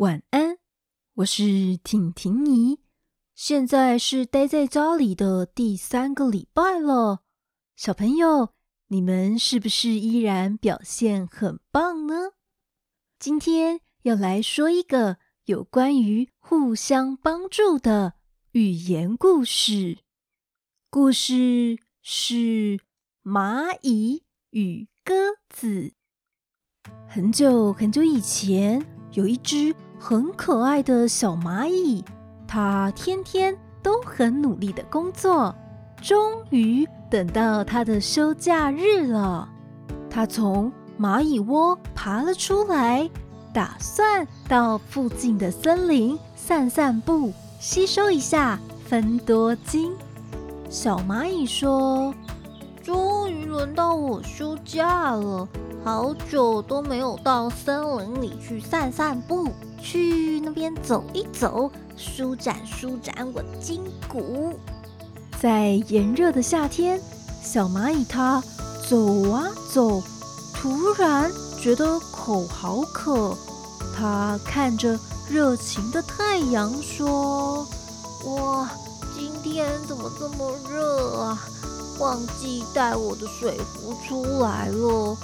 晚安，我是婷婷姨，現在是待在家裡的第三個禮拜了。小朋友，你們是不是依然表現很棒呢？今天要來說一個有關於互相幫助的寓言故事。故事是螞蟻與鴿子。很久很久以前，有一隻很可愛的小螞蟻，它天天都很努力的工作，終於等到它的休假日了。它從螞蟻窩爬了出來，打算到附近的森林散散步，吸收一下芬多精。小螞蟻說：“終於輪到我休假了。”好久都沒有到森林裡去散散步，去那邊走一走，舒展舒展我筋骨。在炎熱的夏天，小螞蟻它走啊走，突然覺得口好渴。它看着熱情的太陽說：“哇，今天怎麼這麼熱啊？忘記帶我的水壺出來了。”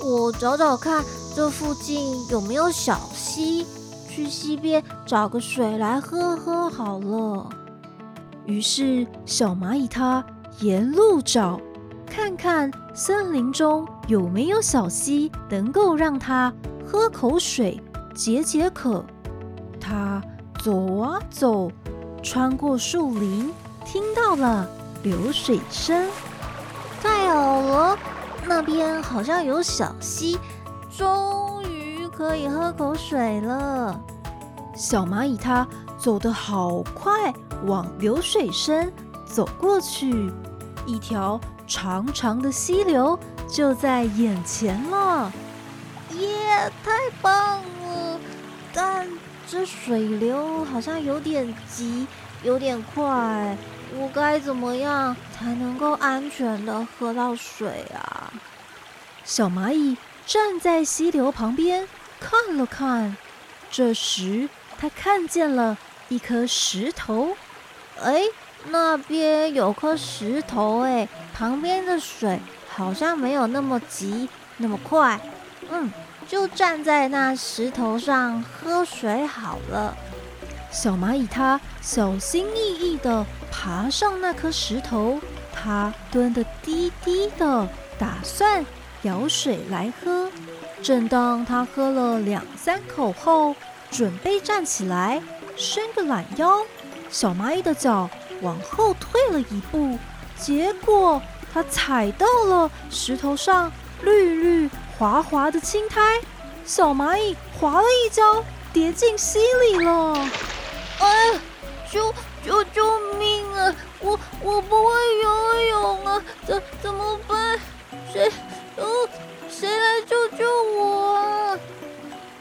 我找找看，這附近有沒有小溪？去溪邊找個水來喝喝好了。於是小螞蟻它沿路找，看看森林中有沒有小溪，能夠讓它喝口水解解渴。它走啊走，穿過樹林，聽到了流水聲。太好了！那邊好像有小溪，終於可以喝口水了。小螞蟻它走得好快，往流水聲走過去，一條長長的溪流就在眼前了。耶、yeah，太棒了！但這水流好像有點急，有點快。我該怎麼樣才能夠安全的喝到水啊？小螞蟻站在溪流旁邊，看了看，這時它看見了一顆石頭，哎、欸，那邊有顆石頭、欸，哎，旁邊的水好像沒有那麼急，那麼快，嗯，就站在那石頭上喝水好了。小螞蟻它小心翼翼地爬上那顆石頭，它蹲得低低的，打算舀水來喝。正當它喝了兩三口後，準備站起來伸個懶腰，小螞蟻的腳往後退了一步，結果它踩到了石頭上綠綠滑滑的青苔，小螞蟻滑了一跤，跌進溪裡了。救救救命啊！我我不會游泳啊，怎怎麼辦？誰哦？誰來救救我啊？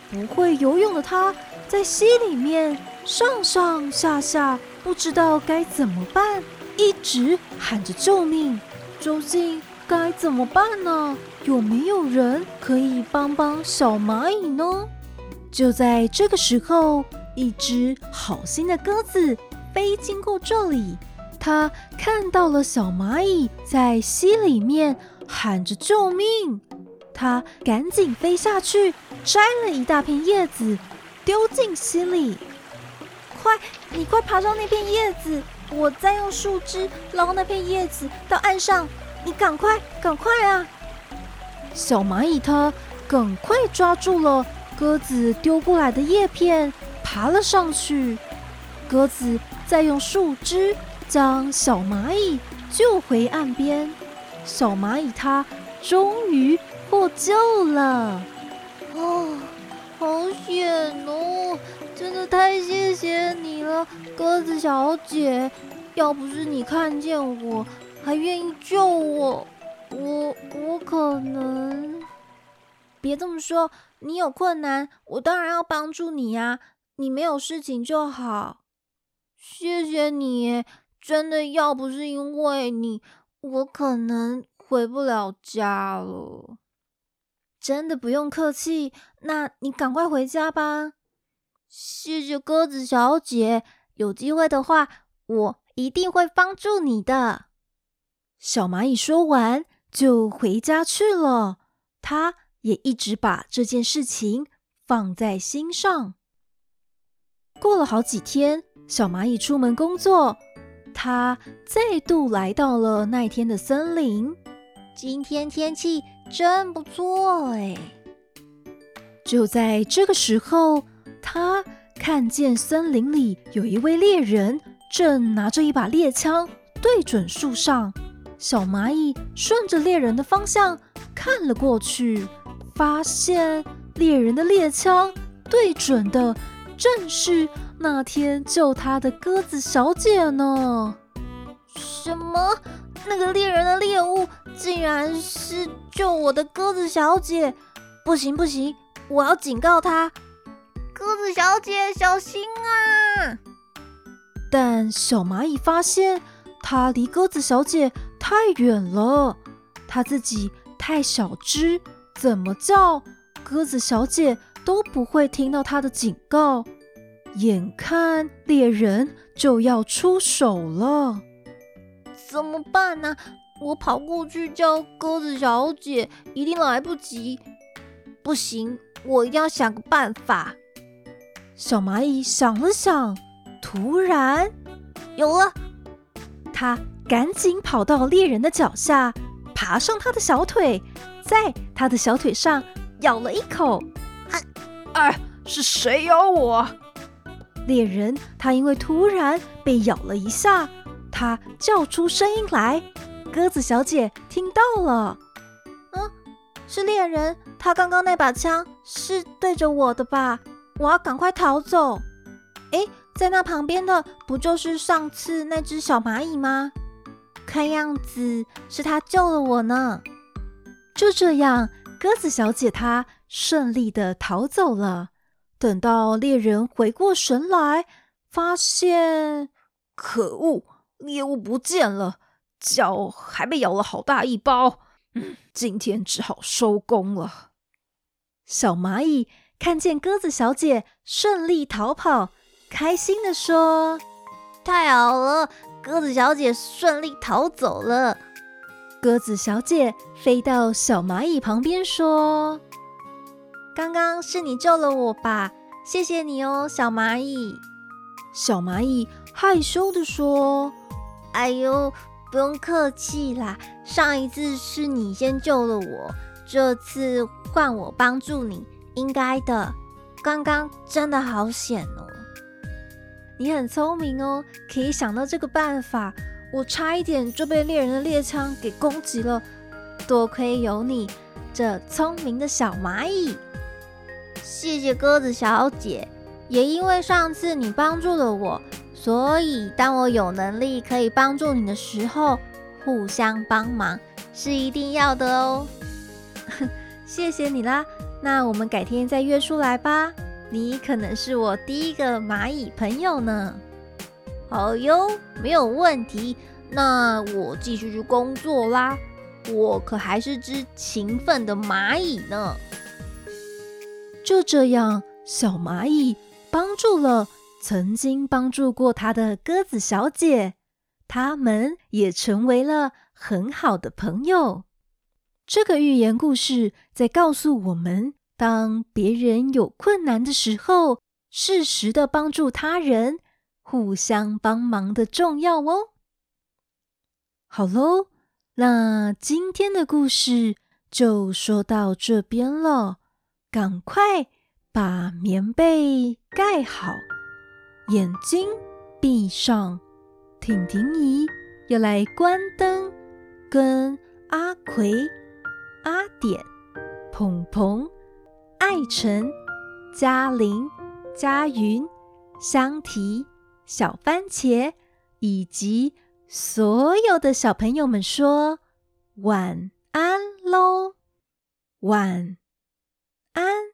不會游泳的他在溪裡面上上下下，不知道該怎麼辦，一直喊着救命。究竟該怎麼辦呢？有沒有人可以幫幫小螞蟻呢？就在這個時候。一隻好心的鴿子飛經過這裡，它看到了小螞蟻在溪裡面喊着救命，它趕緊飛下去摘了一大片葉子丟進溪裡。快，你快爬上那片葉子，我再用樹枝撈那片葉子到岸上。你趕快，趕快啊！小螞蟻它趕快抓住了鴿子丟過來的葉片。爬了上去，鴿子再用樹枝將小螞蟻救回岸邊，小螞蟻它終於獲救了。哦，好險哦！真的太謝謝你了，鴿子小姐。要不是你看見我，還願意救我，我我可能……別這麼說，你有困難，我當然要幫助你呀。你沒有事情就好，謝謝你。真的，要不是因為你，我可能回不了家了。真的不用客氣，那你趕快回家吧。謝謝鴿子小姐，有機會的話，我一定會幫助你的。小螞蟻說完就回家去了，它也一直把這件事情放在心上。過了好幾天，小螞蟻出門工作。它再度來到了那一天的森林。今天天氣真不錯誒！就在這個時候，它看見森林裡有一位獵人，正拿着一把獵槍對準樹上。小螞蟻順着獵人的方向看了過去，發現獵人的獵槍對準的。正是那天救他的鴿子小姐呢！什麼？那個獵人的獵物竟然是救我的鴿子小姐？不行不行，我要警告他！鴿子小姐，小心啊！但小螞蟻發現它離鴿子小姐太遠了，它自己太小只，怎麼叫鴿子小姐？都不會聽到他的警告。眼看獵人就要出手了，怎麼辦呢、啊？我跑過去叫鴿子小姐，一定來不及。不行，我一定要想個辦法。小螞蟻想了想，突然有了。它趕緊跑到獵人的腳下，爬上他的小腿，在他的小腿上咬了一口。哎哎、啊啊，是誰咬我？獵人，他因為突然被咬了一下，他叫出聲音來。鴿子小姐聽到了，嗯、啊，是獵人，他剛剛那把槍是對着我的吧？我要趕快逃走。誒，在那旁邊的不就是上次那隻小螞蟻嗎？看樣子是他救了我呢。就這樣，鴿子小姐她。順利的逃走了。等到獵人回過神來，發現，可惡，獵物不見了，腳還被咬了好大一包。嗯，今天只好收工了。小螞蟻看見鴿子小姐順利逃跑，開心的說：“太好了，鴿子小姐順利逃走了。”鴿子小姐飛到小螞蟻旁邊說。剛剛是你救了我吧？謝謝你哦，小螞蟻。小螞蟻害羞地說：“哎呦，不用客氣啦。上一次是你先救了我，這次換我幫助你，應該的。剛剛真的好險哦！你很聰明哦，可以想到這個辦法。我差一點就被獵人的獵槍給攻擊了，多虧有你，這聰明的小螞蟻。”謝謝鴿子小姐，也因為上次你幫助了我，所以當我有能力可以幫助你的時候，互相幫忙是一定要的哦。 謝謝你啦，那我們改天再約出來吧。你可能是我第一個螞蟻朋友呢。好喲、哦，沒有問題。那我繼續去工作啦，我可還是隻勤奮的螞蟻呢。就這樣，小螞蟻幫助了曾經幫助過它的鴿子小姐，他們也成為了很好的朋友。這個寓言故事在告訴我們：當別人有困難的時候，適時的幫助他人，互相幫忙的重要哦。好嘍，那今天的故事就說到這邊了。趕快把棉被蓋好，眼睛閉上。婷婷姨要來關燈，跟阿魁、阿點、芃芃、艾宸、佳羚、嘉筠、香媞、小番茄以及所有的小朋友們說晚安嘍，晚安。安。